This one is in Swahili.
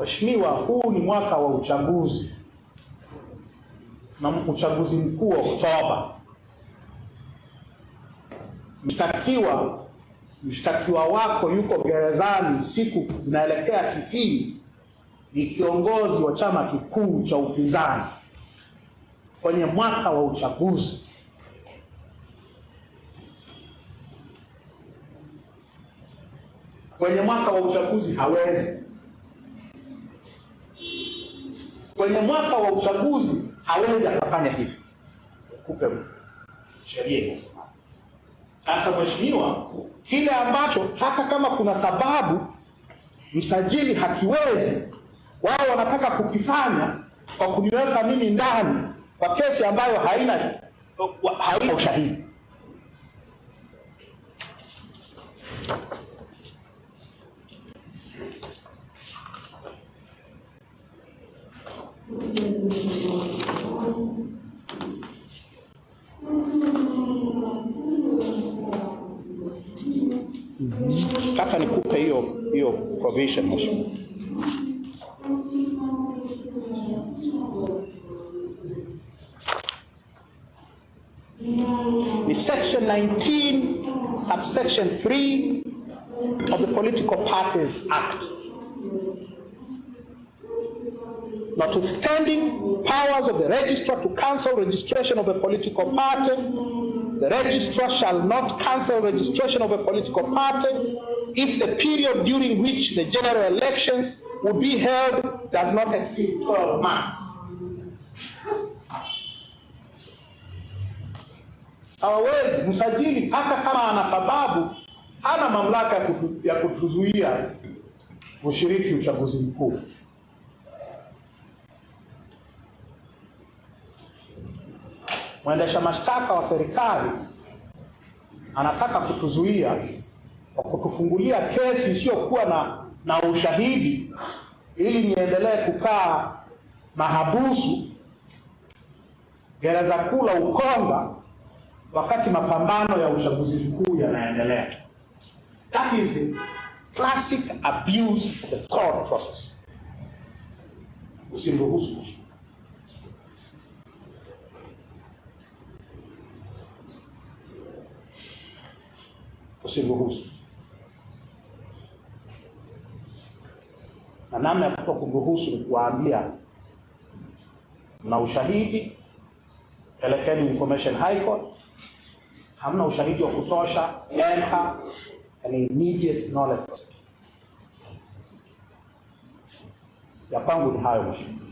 Mheshimiwa, huu ni mwaka wa uchaguzi na uchaguzi mkuu wa Oktoba. Mshtakiwa mshtakiwa wako yuko gerezani, siku zinaelekea tisini, ni kiongozi wa chama kikuu cha upinzani kwenye mwaka wa uchaguzi. Kwenye mwaka wa uchaguzi hawezi kwenye mwaka wa uchaguzi hawezi akafanya hivi. kupe sheria. Sasa mheshimiwa, kile ambacho hata kama kuna sababu msajili hakiwezi, wao wanataka kukifanya kwa kuniweka mimi ndani kwa kesi ambayo haina haina ushahidi. Hapa nikupe hiyo hiyo provision mheshimiwa. Ni section 19 subsection 3 of the Political Parties Act. notwithstanding powers of the registrar to cancel registration of a political party, the registrar shall not cancel registration of a political party if the period during which the general elections would be held does not exceed 12 months. Hawawezi msajili hata kama ana sababu, hana mamlaka ya kutuzuia kushiriki uchaguzi mkuu. Mwendesha mashtaka wa serikali anataka kutuzuia kwa kutufungulia kesi isiyokuwa na, na ushahidi ili niendelee kukaa mahabusu gereza kuu la Ukonga wakati mapambano ya uchaguzi mkuu yanaendelea. That is the classic abuse of the court process. Usimruhusu. Usimruhusu. Na namna ya kuto kumruhusu ni kuwaambia mna ushahidi, pelekeni information high court. Hamna ushahidi wa kutosha, enter an immediate knowledge. Ya pangu ni hayo mheshimiwa.